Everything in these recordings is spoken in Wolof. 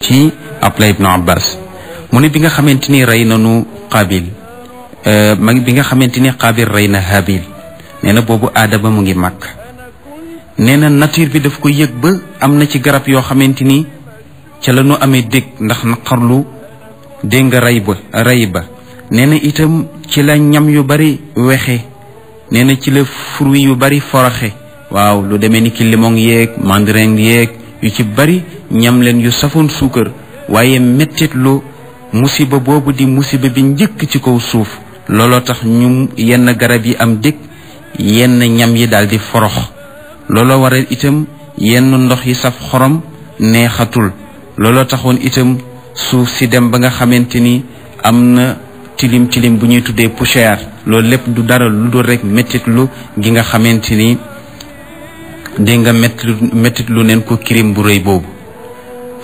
ci Abdullah ibn Abbas mu ne bi nga xamante ni rey nanu Qaabil euh, ma bi nga xamante ni Qaabil rey na Haabil nee na boobu aadama mu ngi mag nee na nature bi daf ko yëg ba am na ci garab yoo xamante ni ca la ñu amee dégg ndax naqarlu dégg nga rey ba rey nee na itam ci la ñam yu bari wexe nee na ci la furi yu bari foroxe waaw lu demee ni ki limon yéeg mandarin yéeg yu ci bari ñam leen yu safoon suukar waaye mettitlu musiba boobu di musiba bi njëkk ci kaw suuf looloo tax ñu yenn garab yi am dëkk yenn ñam yi daal di forox looloo waral itam yenn ndox yi saf xorom neexatul looloo taxoon itam suuf si dem ba nga xamante ni am na tilim tilim bu ñuy tuddee poussière loolu lépp du dara lu dul rek mettitlu gi nga xamante ni di nga mettitlu neen ko kirim bu rëy boobu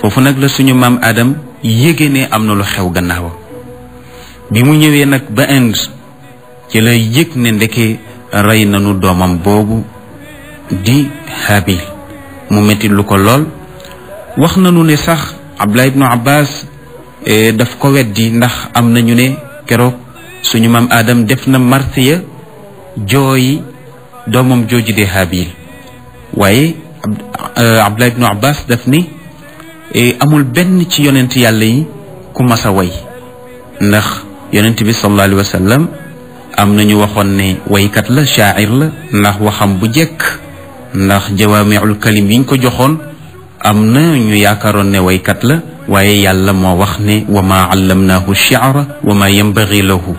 foofu nag la suñu maam Adam yége ne am na lu xew gannaaw bi mu ñëwee nag ba Inde ci la yëg ne ndeke rey nañu doomam boobu di Habil mu metti lu ko lool wax nañu ne sax Abdullah ibnu Abbas e, daf ko weddi ndax am nañu ne keroog suñu maam Adam def na marsiya jooy doomam jooju di Habil waaye e, Abdullah ibnu Abbas daf ni E, amul benn ci yonent yàlla yi ku masa a way ndax yonent bi sallallahu alayhi am na ñu waxoon ne waykat la shaair la ndax waxam bu jekk ndax jawaamiul kalim yi ñu ko joxoon am na ñu yaakaaroon ne waykat la waaye yàlla moo wax ne wa maa allamnaahu shi'ra wa maa yanbaghi lahu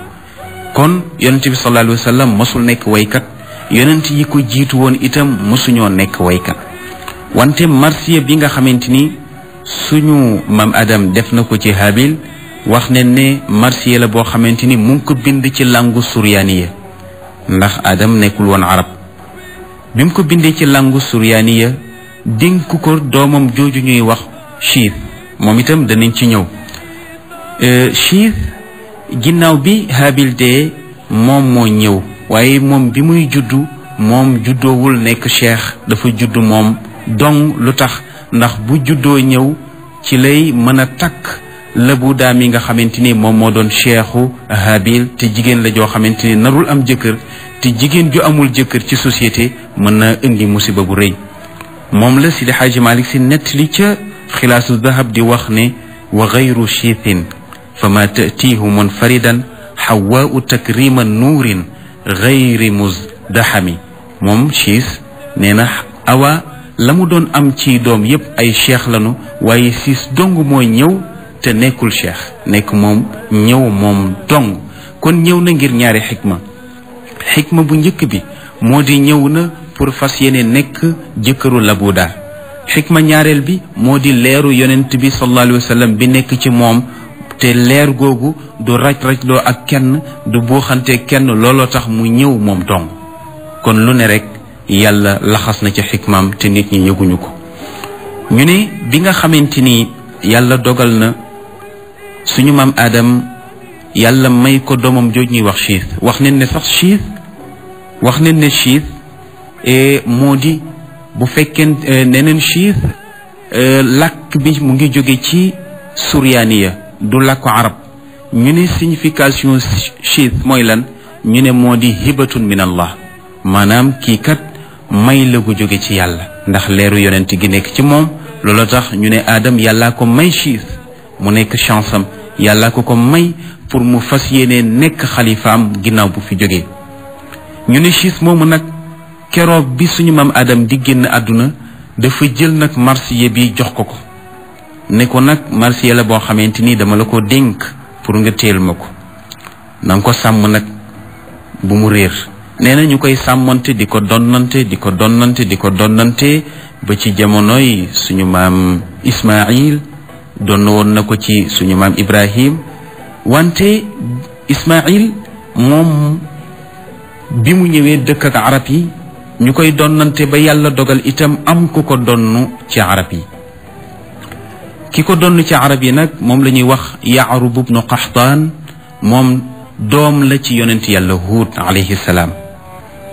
kon yonent bi sallallahu alayhi wa sallam mosul nekk waykat yonent yi ko jiitu woon itam mosuñoo nekk waykat wante marsiya bi nga xamante ni suñu maam Adam def na ko ci Habil wax ne ne marsiya la boo xamante ni mu ngi ko bind ci langu suryaaniya ndax Adam nekkul woon arab bi mu ko bindee ci langu suryaaniya dénk ko doomam jooju ñuy wax Chiir moom itam danañ ci ñëw Chiir euh, ginnaaw bi Habil dee moom moo ñëw waaye moom bi muy judd moom juddoowul nekk cheikh dafa judd moom dong lu tax ndax bu juddoo ñëw ci lay mën a takk lëbu daam yi nga xamante ni moom moo doon cheikhu habil te jigéen la joo xamante ni narul am jëkkër te jigéen ju amul jëkkër ci société mën na indi musiba bu rëy moom la Sidi Xaaji Malik si nettali ca xilaasu dahab di wax ne wa gayru chitin fa ma tatiihu munfaridan xawaau takrima nuurin gayri musdahami moom chiis nee na awa la mu doon am ci doom yépp ay cheikh lanu waaye siis dong mooy ñëw te nekkul cheikh nekk moom ñëw moom dong kon ñëw na ngir ñaari xikma xikma bu njëkk bi moo di ñëw na pour fas yeneen nekk jëkkëru labudaar xikma ñaareel bi moo di leeru yonent bi sallallahu alayhi bi nekk ci moom te leer googu du raj-raj loo ak kenn du buuxante kenn looloo tax mu ñëw moom dong kon lu ne rekk yàlla laxas na ci xikmaam te nit ñi yëguñu ko ñu ne bi nga xamante ni yàlla dogal na suñu maam Adam yàlla may ko doomam jooj ñuy wax chiis wax nañ ne sax chiis wax nañ ne chiis e moo di bu fekkee e, neneen chiis e, làkk bi mu ngi jóge ci suryaaniya du làkku arab ñu ne signification chiis mooy lan ñu ne moo di hibatun min allah maanaam kii kat may la gu jóge ci yàlla ndax leeru yonent gi nekk ci moom loola tax ñu ne aadam yàllaa ko may siis mu nekk chance am yàllaa ko ko may pour mu fas yéene nekk xalifaam ginnaaw bu fi jógee ñu ne siis moomu nag keroog bi suñu maam aadam di génn àdduna dafa jël nag marsiya bi jox ko ko ne ko nag marsiya la boo xamante ni dama la ko dénk pour nga téel ma ko na ko sàmm nag bu mu réer nee na ñu koy sàmmante di ko donnante di ko donnante di ko donnante ba ci jamonoy suñu maam Ismail donn woon na ko ci suñu maam Ibrahim wante Ismail moom bi mu ñëwee dëkk ak arab yi ñu koy donnante ba yàlla dogal itam am ku ko donn ci arab yi ki ko donn ci arab yi nag moom lañuy wax yaarub ibnu qaxtaan moom doom la ci yonent yàlla huut alayhi salaam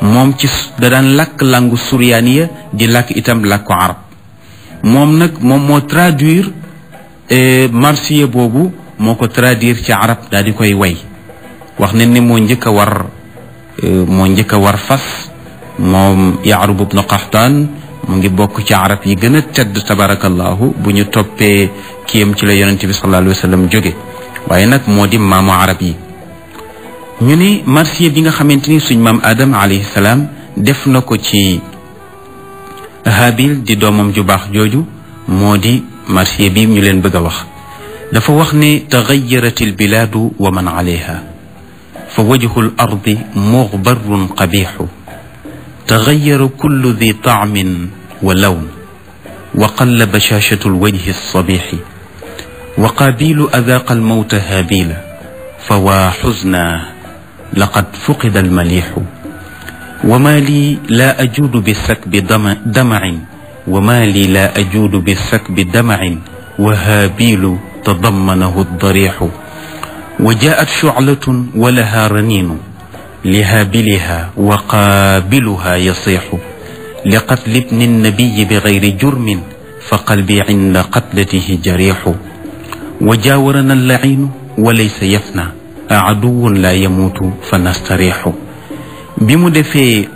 moom ci da daan làkk langu suryaaniya di làkk itam làkku arab moom nag moom moo traduire eh, marsiya boobu moo ko traduire ci arab daal di koy way wax ne ni moo njëkk a war eh, moo njëkk a war fas moom yaarub ibnu qaxtaan mu ngi bokk ci arab yi gën a tedd tabarakallahu bu ñu toppee kiyam ci la yonente bi sallallahu alayhi wa jóge waaye nag moo di maamu arab yi ñu marsiyé bi nga xamanteni suñ mam adam alayhi salam def nako ci habil di domam ju bax joju modi marsiyé bi ñu leen bëgg wax dafa wax ne taghayyaratil biladu wa man alayha fa wajhu alardi mughbarun qabihu تغير كل ذي طعم ولون وقل بشاشة الوجه الصبيح وقابيل أذاق الموت هابيلا فوا حزنا لقد فقد المليح وما لي لا أجود بالسكب دمع, دمع وما لي لا أجود بالسكب دمع وهابيل تضمنه الضريح وجاءت شعلة ولها رنين لهابلها وقابلها يصيح لقتل ابن النبي بغير جرم فقلبي عند قتلته جريح وجاورنا اللعين وليس يفنى عدو لا يموت فنستريح بمو دفي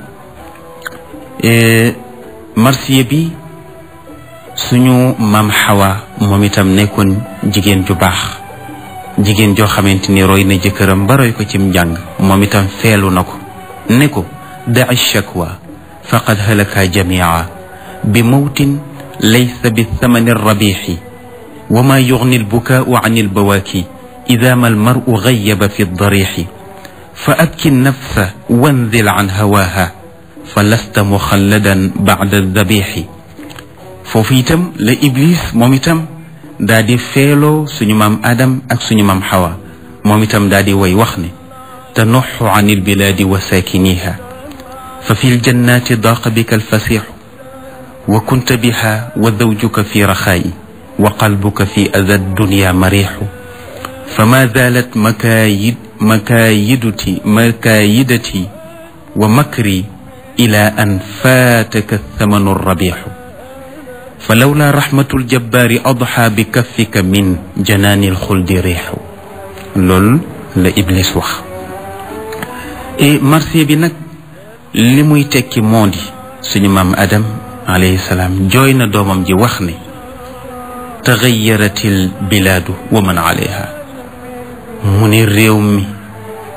آه، مرسي بي سنو مام حوا مميتم نيكون جيجين جو باخ جيجين جو خامنتيني روي نا جيكرم با كو تيم جانغ مميتم فيلو نكو نيكو دع الشكوى فقد هلك جميعا بموت ليس بالثمن الربيحي وما يغني البكاء عن البواكي إذا ما المرء غيب في الضريح فأبكي النفس وانذل عن هواها فلست مخلدا بعد الذبيح ففيتم لإبليس ممتم دادي فيلو سنمام آدم أك سنمام حوا ممتم دادي ويوخني تنح عن البلاد وساكنيها ففي الجنات ضاق بك الفسيح وكنت بها وزوجك في رخاء وقلبك في أذى الدنيا مريح فما زالت مكايد مكايدتي مكايدتي ومكري إلى أن فاتك الثمن الربيح فلولا رحمة الجبار أضحى بكفك من جنان الخلد ريح لول لإبليس وخ إي مرسي بنك لميتك موندي سيدي muy أدم عليه السلام جوينا دومم جي وخني تغيرت البلاد ومن عليها mu ne réew mi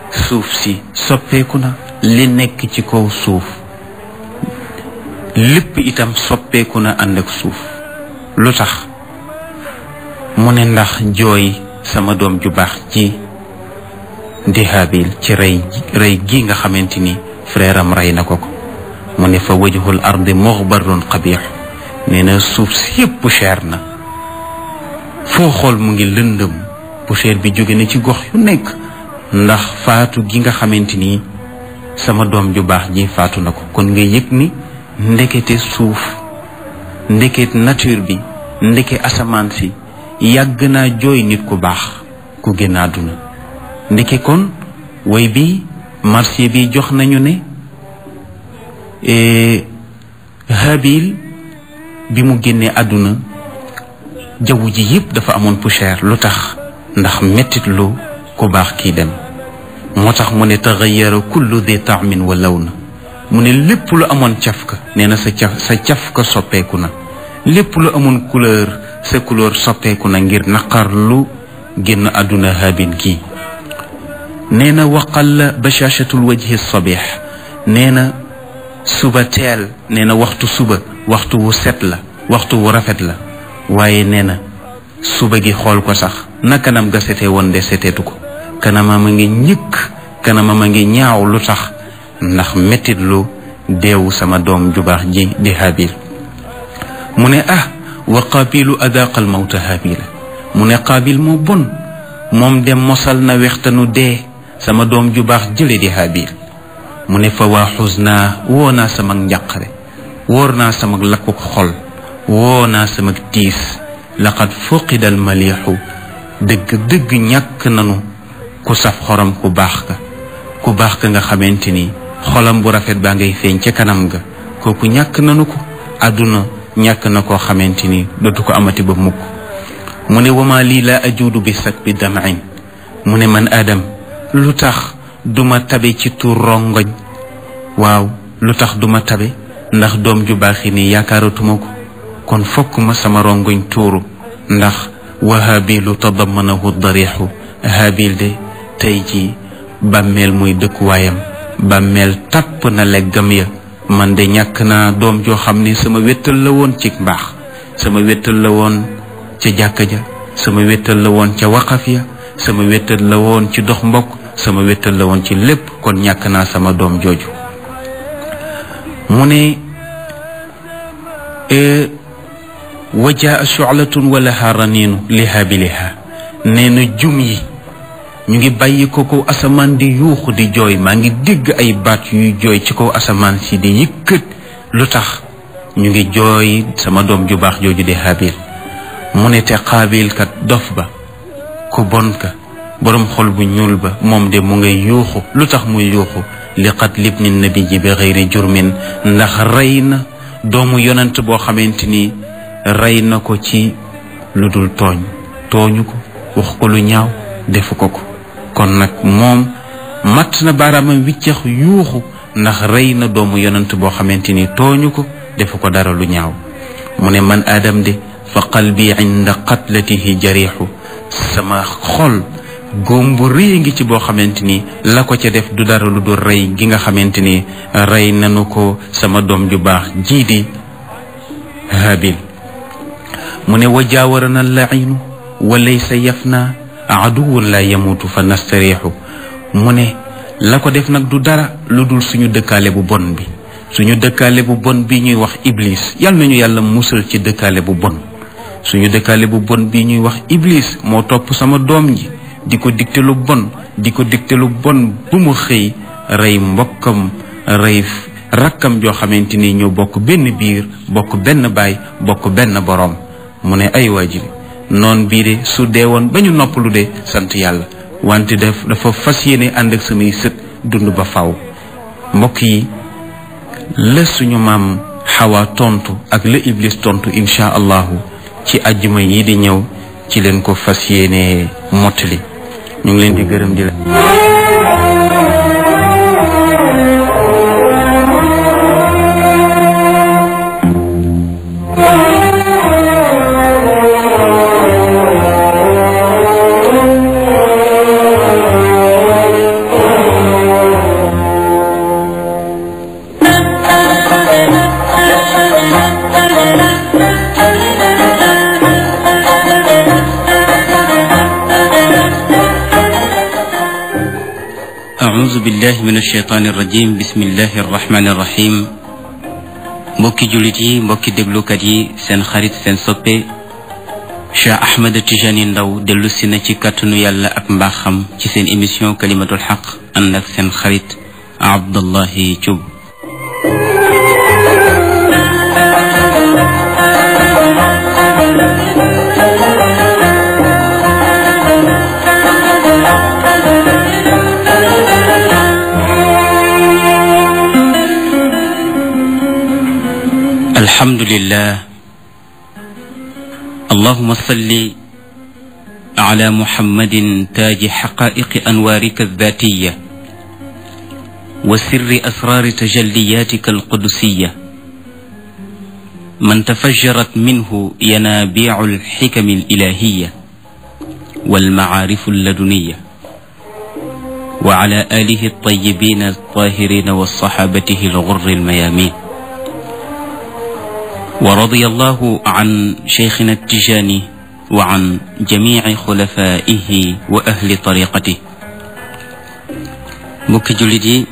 suuf si soppeeku na li nekk ci kaw suuf lépp itam soppeeku na ànd ak suuf lu tax mu ne ndax jooy sama doom ju baax ci di Haabil ci rey gi nga xamante ni frère am rey na ko ko mu ne fa wajhul ardi muxbarun qabix nee na suuf si yëpp cher na foo xool mu ngi lëndëm poussière bi jóge na ci gox yu nekk ndax faatu gi nga xamante ni sama doom ju baax ji faatu na ko kon nga yëg ni ndekete suuf ndeket nature bi ndeke asamaan si yàgg naa jooy nit ku baax ku génn àdduna ndeke kon woy bi marché bi jox nañu ne e, habil bi mu génnee àdduna jaww ji yëpp dafa amoon poussière lu tax ndax metit lu ku bax ki dem motax tax mu ne taxayara kullu dhi ta'min wa lawn na mu ne lépp lu amoon tiafka nee sa tiaf sa cafka soppeku na lépp lu amoon couleur sa couleur soppeku na ngir naqar lu génn aduna habin ki nee wa waqalla bashashatu alwajhi as-sabih na suba tel nee waxtu suba waxtu wu set la waxtu wu rafet la waaye nee suba gi xol ko sax nakanam ga sete won de ko kana ma ngi ñëk kana ma ngi ñaaw lu tax ndax metit lu déwu sama dom ju bax ji di habil mune ah wa qabil adaq al maut habila mune qabil mom bon mom dem mosal na wextanu dé sama dom ju bax jëlé di habil mune fa wa huzna woo sama ñakare wóor sama lakku xol woo sama tis, laqad fuqida al malihu dëgg dëgg ñàkk nanu ku saf xorom ku baax ka ku baax ka nga xamante ni xolam bu rafet baa ngay feeñ ca kanam ga kooku ñàkk nanu ko àdduna ñàkk na koo xamante ni dootu ko amati ba mukk mu ne wama lii laa ajuudu bi sag bi damain mu ne man adam lu tax duma tabe ci tuur rongoñ waaw lu tax duma tabe ndax doom ju baaxi nii yaakaaratuma ko kon fokk ma sama rongoñ tuuru ndax wa habilu tadamanahu darixu habil de tey ji bàmmeel muy dëkkuwaayam bàmmeel tàpp na leggam ya man de ñàkk naa doom joo xam ni sama wéttal la woon cig mbaax sama wéttal la woon ca jàkka ja sama wéttal la woon ca waqaf ya sama wéttal la woon ci dox mbokk sama wéttal la woon ci lépp kon ñàkk naa sama doom jooju mu ne e, wajaa shu'latun walaha raniinu liha biliha nee na jum yi ñu ngi bàyyi ko kaw asamaan di yuuxu di jooy maa ngi dégg ay baat yuy jooy ci kaw asamaan si di yëkkat lu tax ñu ngi jooy sama doom ju baax jooju di Haabil mu ne te Qaabil dof ba ku bon ka boroom xol bu ñuul ba moom de mu ngay yuuxu lu tax muy yuuxu li qatli bni nabi bi xëyri jurmin ndax rey na doomu yonent boo xamante ni rey na ko ci lu dul tooñ tooñu ko wax ko lu ñaaw defu ko ko kon nag moom matt na baaraamam wiccax yuuxu ndax rey na doomu yonent boo xamante ni tooñu ko defu ko dara lu ñaaw mu ne man aadam de fa qalbi inda qatlatihi jariixu sama xol góom bu ngi ci boo xamante ni la ko ca def du dara lu dul rey gi nga xamante ni rey nanu ko sama doom ju baax jii di Haabil mu ne wa jaawarana allainu wa laysa yafna aduwun la yamutu fa nastariixu mu ne la ko def nag du dara lu dul suñu dëkkaale bu bon bi suñu dëkkaale bu bon bi ñuy wax iblis yal nañu yàlla musal ci dëkkaale bu bon suñu dëkkaale bu bon bi ñuy wax iblis moo topp sama doom ji di ko digte lu bon di ko digte lu bon bu mu xëy rey mbokkam rey rakkam joo xamante ni ñoo bokk benn biir bokk benn baay bokk benn boroom mu ne ay waa ji noon bii de su dee woon ba ñu lu de sant yàlla wante daf dafa fas yéene ànd ak samay sët dund ba faw mbokk yi la suñu maam xawaa tontu ak la iblis tontu incha allahu ci àjjuma yi di ñëw ci leen ko fas yéene mottali ñu ngi leen di gërëm di من الشيطان الرجيم بسم الله الرحمن الرحيم بوكي جوليتي بوكي دبلو كادي سن خريط سن سوبي شا احمد تجاني ندو دلو سينا تي كاتونو يالا اك مباخم تي كلمه الحق انك سن خريط عبد الله توب الحمد لله اللهم صل على محمد تاج حقائق أنوارك الذاتية وسر أسرار تجلياتك القدسية من تفجرت منه ينابيع الحكم الإلهية والمعارف اللدنية وعلى آله الطيبين الطاهرين وصحابته الغر الميامين ورضي الله عن شيخنا التجاني وعن جميع خلفائه وأهل طريقته مك جلدي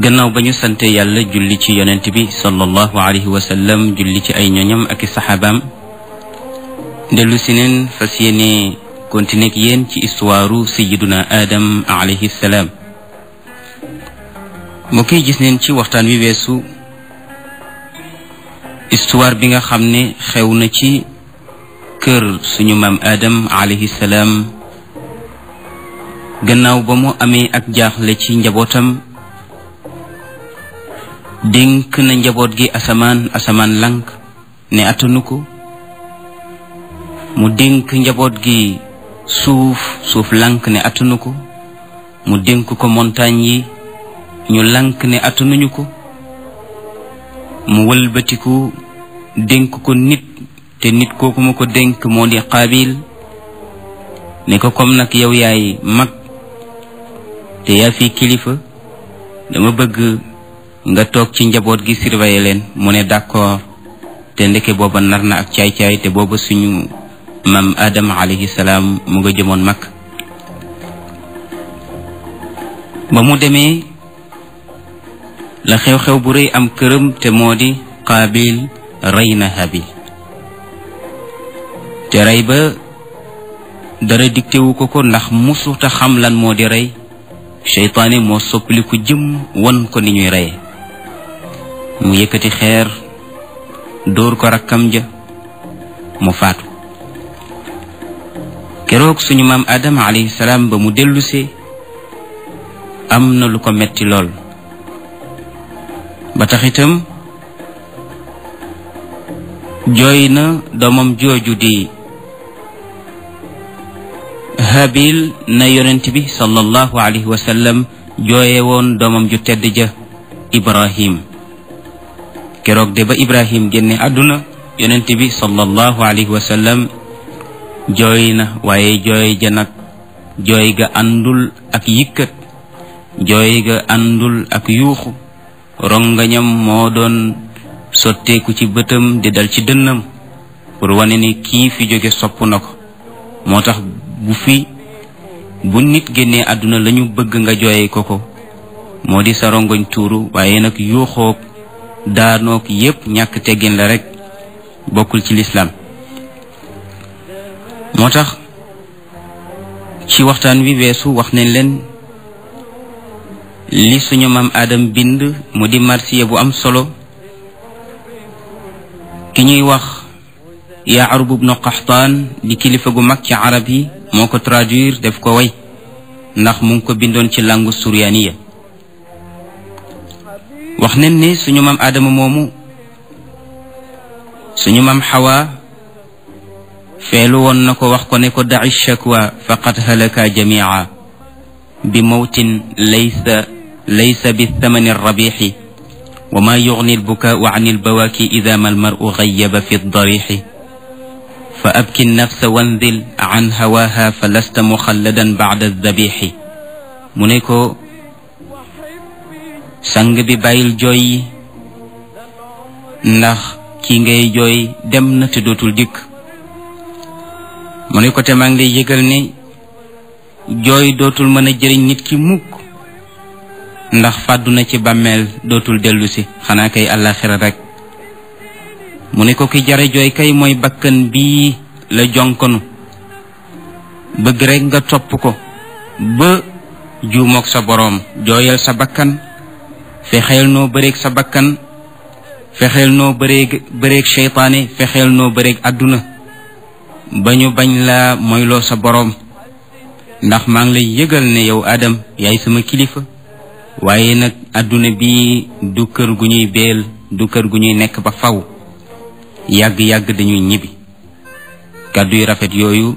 جنو بنيو سنت يالا جلتي بي صلى الله عليه وسلم جلتي أي نيوم أك صحابام دلو سنين فسيني كنت نكيين إسوارو سيدنا آدم عليه السلام مكي جسنين تي وقتان بي بيسو histoire bi nga xam ne xew na ci kër suñu maam Adam alayhi gannaaw ba mu amee ak jaaxle ci njabootam dénk na njaboot gi asamaan asamaan lank ne attanu ko mu dénk njaboot gi suuf suuf lank ne attanu ko mu dénk ko montagne yi ñu lank ne attanuñu ko mu wëlbatiku dénk ko nit te nit kookuma ko dénk moo di xaabil ne ko comme nag yow yaay mag te yaa fi kilifa dama bëgg nga toog ci njaboot gi surveiller leen mu ne d'accord te ndeke booba nar na ak caay-caay te booba suñu maam Adam alayhi mu nga jëmoon mag ba mu demee la xew-xew bu rëy am këram te moo di qaabil rey na habil te rey ba dara diktewu ko ko ndax musuta xam lan moo di rey seytaane moo soppaliku jëm won ko ni ñuy rey mu yëkkati xeer dóor ko rakkam ja mu faatu keroog suñu maam Adam alayhi ba mu dellusee am na lu ko metti lool ba tax itam jooy na doomam jooju di habil na yonent bi sallallahu alayhi wa jooye woon doomam ju tedd ja ibrahim keroog de ba ibrahim génne àdduna yonent bi sallallahu alayhi wa sallam jooy na waaye jooy ja nag jooy ga àndul ak yëkkat jooy ga àndul ak yuuxu rongañam moo doon sotteeku ci bëtam di dal ci dënnam pour wane ni kii fi jóge sopp na ko moo tax bu fi bu nit génnee àdduna lañu bëgg nga jooye ko ko moo di sa rongoñ tuuru waaye nag yuuxoog daanoog yépp ñàkk teggin la rekk bokkul ci lislaam moo tax ci waxtaan wi weesu wax nañ leen li suñu maam aadam bind mu di marsiya bu am solo ki ñuy wax Yaarub ibnu Qaxtaan di kilifa gu mag ci arab yi moo ko traduire def ko way ndax mu ngi ko bindoon ci langu suryaaniya wax nen ne suñu maam Adama moomu suñu maam Xawa feelu woon na ko wax ko ne ko daci shakwa faqad halaka jamia bi mawtin laysa ليس بالثمن الربيح وما يغني البكاء عن البواكي إذا ما المرء غيب في الضريح فأبكي النفس وانذل عن هواها فلست مخلدا بعد الذبيح منيكو سنگ بي جوي نخ كي جوي دم نتدوت الجك منيكو تمانجي يقلني جوي دوت المنجرين نتكي موك ndax fàddu na ci bàmmeel dootul dellu si xanaa kay àllaaxira rekk mu ne ko ki jare jooy kay mooy bakkan bii la jonkonu bëgg rekk nga topp ko ba juumook sa boroom jooyal sa bakkan fexeel noo bëreeg sa bakkan fexeel noo bëreeg bëreeg fexeel noo bëreeg àdduna ba ñu bañ la moyloo sa boroom ndax maa ngi lay yëgal ne yow Adam yaay sama kilifa waaye nag àdduna bi du kër gu ñuy beel du kër gu ñuy nekk ba faw yàgg-yàgg dañuy ñibbi kàddu yu rafet yooyu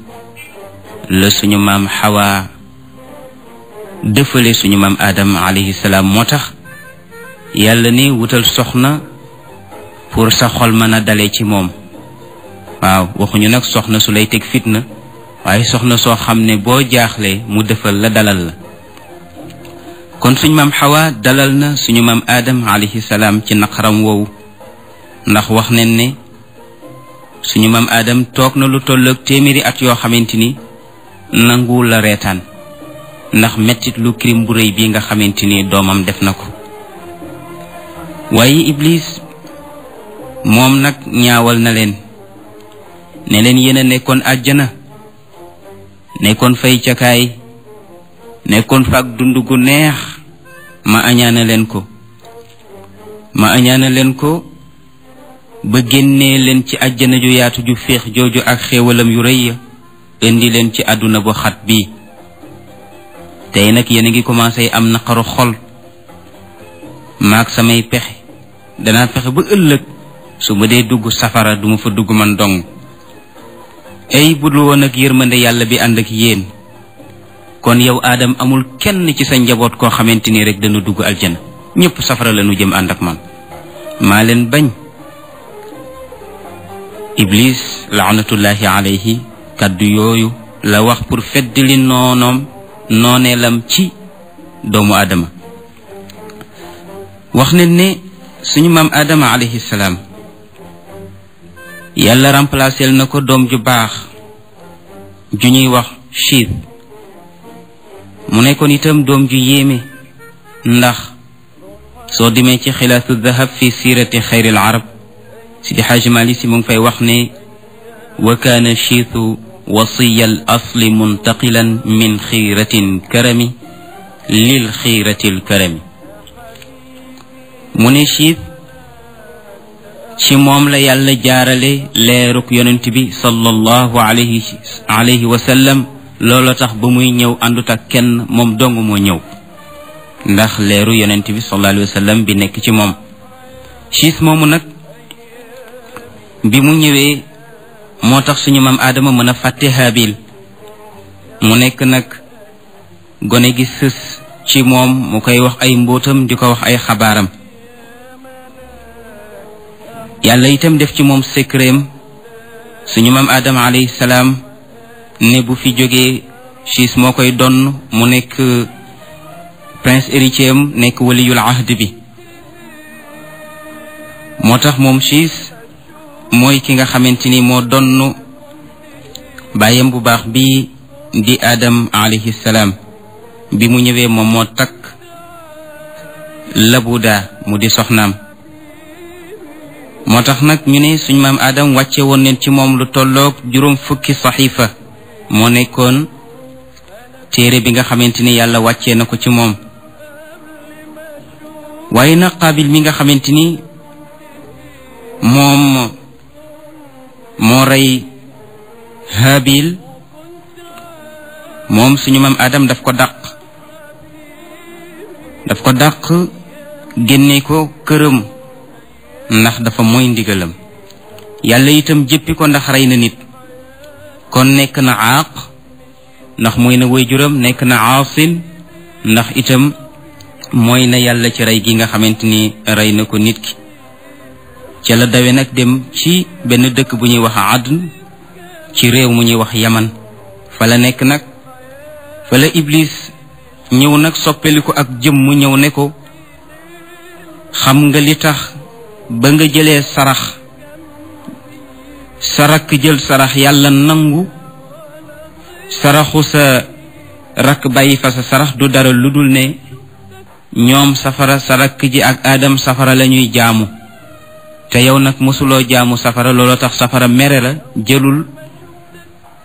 la suñu maam xawaa dëfale suñu maam aadam alayhi salaam moo tax yàlla ne wutal soxna pour sa xol mën a dale ci moom waaw waxuñu nag soxna su lay teg fitna waaye soxna soo xam ne boo jaaxlee mu defal la dalal la kon suñ maam xawa dalal na suñu maam aadam alayhi salaam ci naqaram woowu ndax wax nañ ne suñu maam aadam toog na lu tolloog téeméeri at yoo xamante ni nanguwul la reetaan ndax mettit lu crime bu réy bi nga xamante ni doomam def na ko waaye iblis moom nag ñaawal na leen ne leen yéen a nekkoon àjjana kon fay cakaay nekkoon fa ak dund gu neex ma añaane leen ko ma añaane leen ko ba génnee leen ci àjjana ju yaatu ju féex jooju ak xéewalam yu rëy ya indi leen ci àdduna bu xat bii tey nag yéen a ngi commencé am naqaru xol maak samay pexe danaa pexe ba ëllëg su ma dee dugg safara duma fa dugg man dong ay budul woon ak yërmande yàlla bi ànd ak yéen kon yow adam amul kenn ci sa njabot ko xamanteni ni rek dañu dugg aljana ñepp safara lañu jëm ànd ak man ma leen bañ iblis la'natullahi alayhi kaddu yoyu la wax pour feddali nonom nonelam ci doomu adama wax ne ne suñu mam adama alayhi salam yalla remplacer nako dom ju bax ju ñuy wax shit mu nekkoon itam doom ju yéeme ndax soo demee ci xilaasu dahab fi siirati xayril arab sidi xaaj mali si mu ngi fay wax ne wa kaana chiitu wasiya al asli muntaqilan min xiiratin karami lil xiiratil karami mu ne chiit ci moom la yàlla jaarale leeruk yonent bi sallallahu alayhi alayhi wa sallam loola tax ba muy ñëw àndut ak kenn moom dongu moo ñëw ndax leeru yonent bi sallallahu bi nekk ci moom siis moomu nag bi mu ñëwee moo tax suñu maam aadama mën a fàtte Haabil mu nekk nag gone gi sës ci moom mu koy wax ay mbóotam di ko wax ay xabaaram yàlla itam def ci moom secret suñu maam aadama alayhi salaam ne bu fi jógee siis moo koy donn mu nekk prince héritier nekk waliyul ahd bi moo tax moom siis mooy ki nga xamante ni moo donn bàyyam bu baax bi di adam alayhi salaam bi mu ñëwee moom moo takk labuda mu di soxnaam moo tax nag ñu ne suñ maam adam wàcce woon leen ci moom lu tolloog juróom fukki saxiifa moo nekkoon téere bi nga xamante ni yàlla wàcce na ko ci moom waaye nag qaabil mi nga xamante ni moom moo rey haabil moom suñu maam aadam daf ko dàq daf ko dàq génne ko këram ndax dafa mooy ndigalam yàlla itam jëppi ko ndax rey na nit kon nekk na aaq ndax mooy na waajuram nekk na aasin ndax itam mooy na yàlla ci rey gi nga xamante ni rey na ko nit ki ca la dawe nag dem ci benn dëkk bu ñuy wax adn ci réew mu ñuy wax yaman fa nekk nag fa la ñëw nag soppeeliku ak jëm mu ñëw ne ko xam nga li tax ba nga jëlee sarax sa jël sarax yàlla nangu saraxu sa rakk bàyyi fa sa sarax du dara lu dul ne ñoom safara sa rakk ji ak aadam safara lañuy jaamu te yow nag mosuloo jaamu safara looloo tax safara mere la jëlul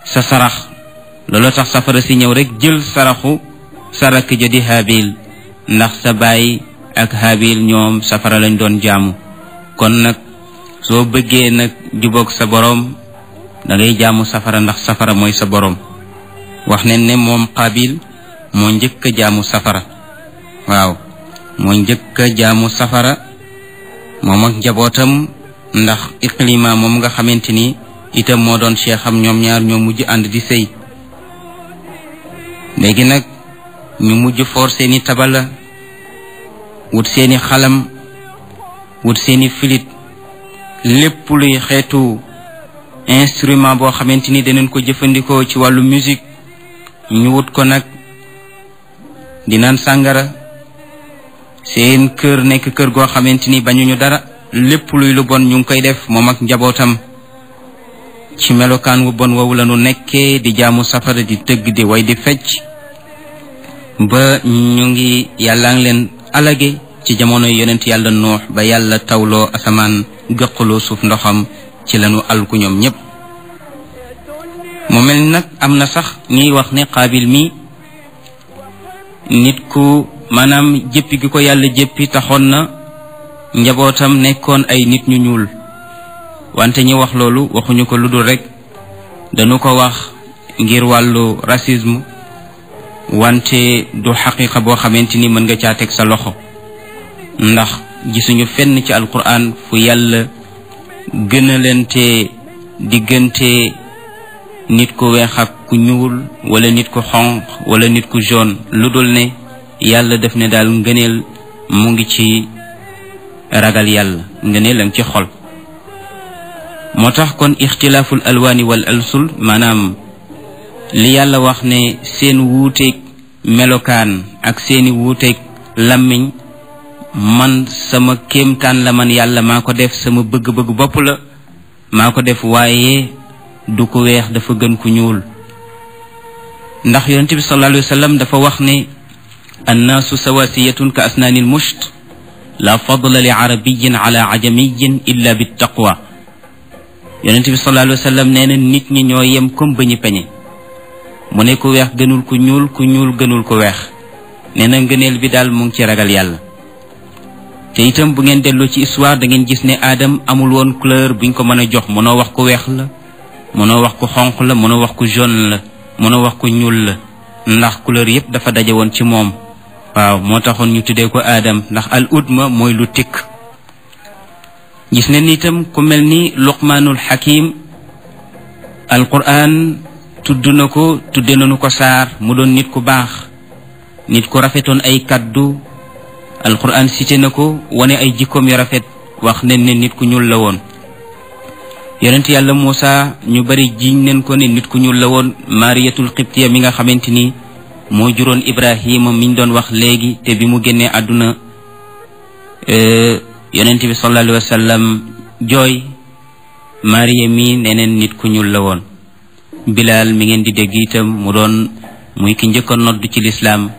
sa sarax looloo tax safara si ñëw rekk jël saraxu sa rakk di haabil ndax sa baay ak haabil ñoom safara lañ doon jaamu kon nag so bëggee nak jubóog sa borom da ngay jaamu safara ndax safara moy sa borom wax ne ne mom qabil mo ñëk ke jamu safara waaw mo ñëk jaamu safara mom ak jabotam ndax iqlima mom nga xamanteni itam mo doon xam ñom ñaar ñoo mujj and di sey legi nak ñu mujj for ni tabala wut seeni xalam wut seeni filit lépp luy xeetu instrument boo xamante ni danañ ko jëfandikoo ci wàllu musique ñu wut ko nag di naan sàngara seen kër nekk kër goo xamante ni bañuñu dara lépp luy lu bon ñu ngi koy def moom ak njabootam ci melokaan wu bon woowu la ñu nekkee di jaamu safara di tëgg di way di fecc ba ñu ngi yàllaa ngi leen alage ci jamono yonent yàlla nuux ba yàlla tawloo asamaan gëqaloo suuf ndoxam ci lanu alku ñoom ñépp mu mel ni nag am na sax ñuy wax ne xaabil mi nit ku maanaam jëppi gi ko yàlla jëppi taxoon na njabootam nekkoon ay nit ñu ñuul wante ñi wax loolu waxuñu ko lu dul rekk dañu ko wax ngir wàllu racisme wante du xaqiqa boo xamante ni mën nga caa teg sa loxo ndax gisuñu fenn ci alquran fu yàlla gënalante diggante nit ku weexak ku ñuul walla nit ku xonq wala nit ku jaune lu dul ne yàlla def ne daal ngëneel mu ngi ci ragal yàlla ngëneel la ci xol moo tax kon ixtilaaful alwaani wal alsul maanaam li yàlla wax ne seen wuuteeg melokaan ak seeni wuuteeg làmmiñ man sama kemtan la man yalla mako def sama bëgg bëgg bop la mako def waye du ko wex dafa gën ku ñuul ndax yaronte bi sallallahu alayhi wasallam dafa wax ni الناس سواسية كأسنان المشت لا فضل لعربي على عجمي إلا بالتقوى يونتي صلى الله عليه وسلم نين نيت ني ньо يم كوم بني بني مونيكو ويخ غنول كو نيول كو نيول غنول كو ويخ نينا غنيل بي دال مونكي راغال يالا te itam bu ngeen delloo ci histoire da ngeen gis ne aadam amul woon couleur buñ ko mën a jox mënoo wax ku weex la mënoo wax ku xonq la mënoo wax ku jaune la mënoo wax ku ñuul la ndax couleur yépp dafa daje woon ci moom waaw moo taxoon ñu tuddee ko aadam ndax al ut ma mooy lu tikk gis ne nitam ku mel ni luqmaanul xakim alquran tudd na ko tudde nañu ko saar mu doon nit ku baax nit ku rafetoon ay kàddu alquran cité na ko wane ay jikkoom yu rafet wax nañ ne nit ku ñuul la woon yonent yàlla Muusa ñu bari jiiñ nañ ko ne nit ku ñuul la woon maariyatul xibtiya mi nga xamante ni moo juróon ibrahima miñ doon wax léegi te bi mu génnee àdduna e, yonent bi sallallahu alayhi wa sallam jooy mi nit ku ñuul la woon bilaal mi ngeen di dégg itam mu doon muy ki njëkk a nodd ci lislaam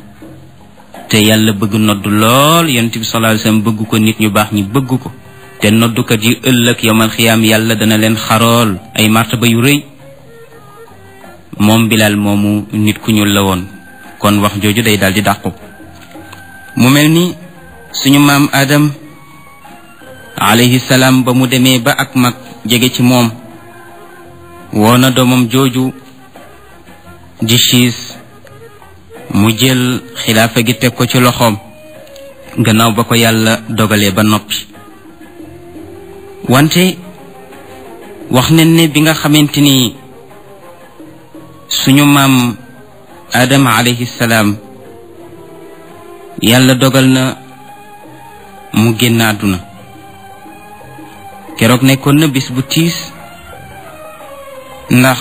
te yàlla bëgg nodd lool yonent bi sallallahu alayhi wasallam bëgg ko nit ñu baax ñi bëgg ko te noddukat yi ëllëg yowmal xiyaam yàlla dana leen xarool ay ba yu rëy moom bilaal moomu nit ku ñuul la woon kon wax jooju day daal di dàqu mu mel ni suñu maam Adam alayhi salaam ba mu demee ba ak mag jege ci moom woona doomam jooju di siis mu jël xilaafa gi teg ko ci loxoom gannaaw ba ko yàlla dogalee ba noppi wante wax nañ ne bi nga xamante ni suñu maam Adama alayhi salaam yàlla dogal na mu génn àdduna keroog nekkoon na bis bu tiis ndax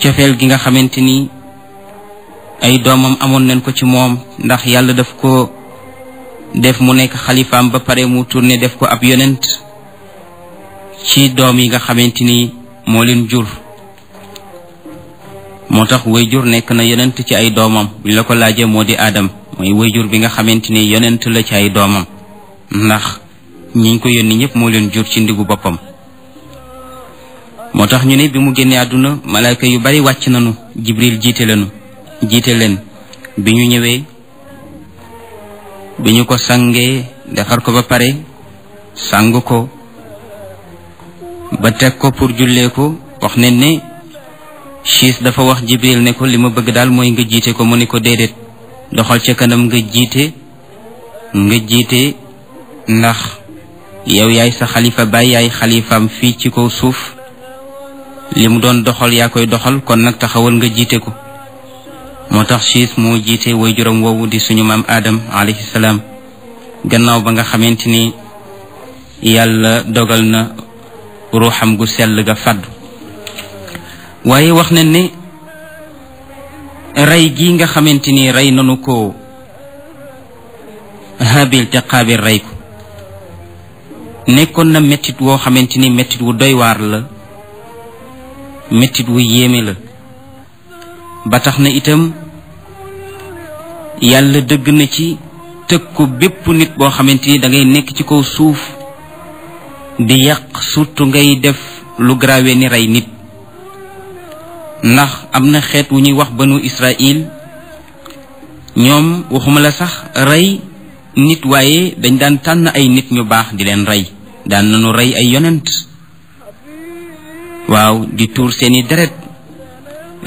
cofeel gi nga xamante ni ay doomam amoon nañ ko ci moom ndax yàlla daf ko def mu nekk xalifaam ba pare mu tourné def ko ab yonent ci doom yi nga xamante ni moo leen jur moo tax jur nekk na yonent ci ay doomam buñ la ko laajee moo di aadam mooy wayjur bi nga xamante ni yonent la ci ay doomam ndax ñu ñiñ ko yónni ñëpp moo leen jur ci ndigu boppam moo tax ñu ne bi mu génnee àdduna malaayka yu bari wàcc nañu jibril jiite lanu jiite leen bi ñu ñëwee bi ñu ko sangee defar ko ba pare sang ko ba teg ko pour jullee ko wax ne ne siis dafa wax jibril ne ko li ma bëgg daal mooy nga jiite ko mu ne ko déedéet doxal ca kanam nga jiite nga jiite ndax yow yaay sa xalifa baay yaay xalifaam fii ci kaw suuf li mu doon doxal yaa koy doxal kon nag taxawal nga jiite ko moo tax siis moo jiite way juróom woowu di suñu maam Adam alayhi salaam gannaaw ba nga xamante ni yàlla dogal na ruuxam gu sell ga fàddu waaye wax na ne rey gii nga xamante ni rey nanu ko Habil te Qaabil rey ko nekkoon na mettit woo xamante ni mettit wu doy waar la mettit wu yéeme la ba tax na itam yalla deug na ci tëkku bepp nit bo xamanteni da ngay nek ci kaw suuf di yaq surtout ngay def lu grawé ni ray nit ndax amna na wu ñuy wax banu israël ñom waxuma la sax ray nit waye dañ daan tan ay nit ñu bax di len ray daan nañu ray ay yonent waaw di tour seeni deret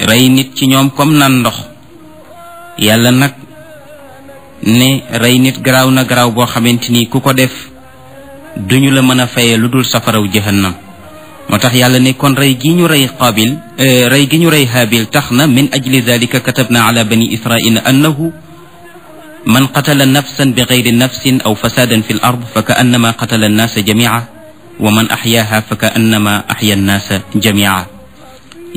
ray nit ci ñom comme nan ndox yalla nak ne ray nit graw na graw bo xamanteni ni ku ko def duñu la mëna faye luddul dul safaraw jahannam motax yàlla ne kon ray gi ñu ray qabil ray gi ñu ray habil taxna min ajli zalika katabna ala bani isra'il annahu من قتل نفسا بغير نفس أو فسادا في الأرض فكأنما قتل الناس جميعا ومن أحياها فكأنما أحيا الناس جميعا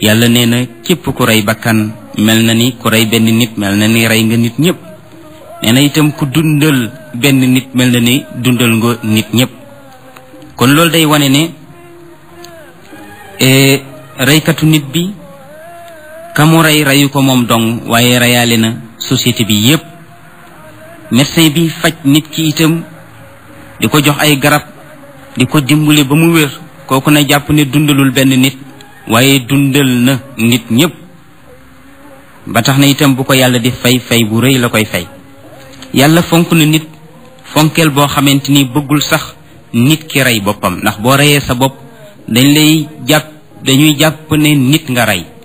يالا نينا كيب كوري بكان ملناني كوري بن نيت ملناني راي نيت نيب nee itam ku dundal benn nit mel na ni dundal nga nit ñëpp kon loolu day wane ne eh, reykatu nit bi ka mu rey reyu ko moom dong waaye reyaale na société bi yëpp médecin bi faj nit ki itam di ko jox ay garab di ko dimbale ba mu wér kooku na jàpp ne dundalul benn nit waaye dundal na nit ñëpp ba tax na itam bu ko yàlla di fay fay bu rëy la koy fay yàlla fonk na nit fonkeel boo xamante ni bëggul sax nit ki rey boppam ndax boo reyee sa bopp dañ lay jàpp dañuy jàpp ne nit nga rey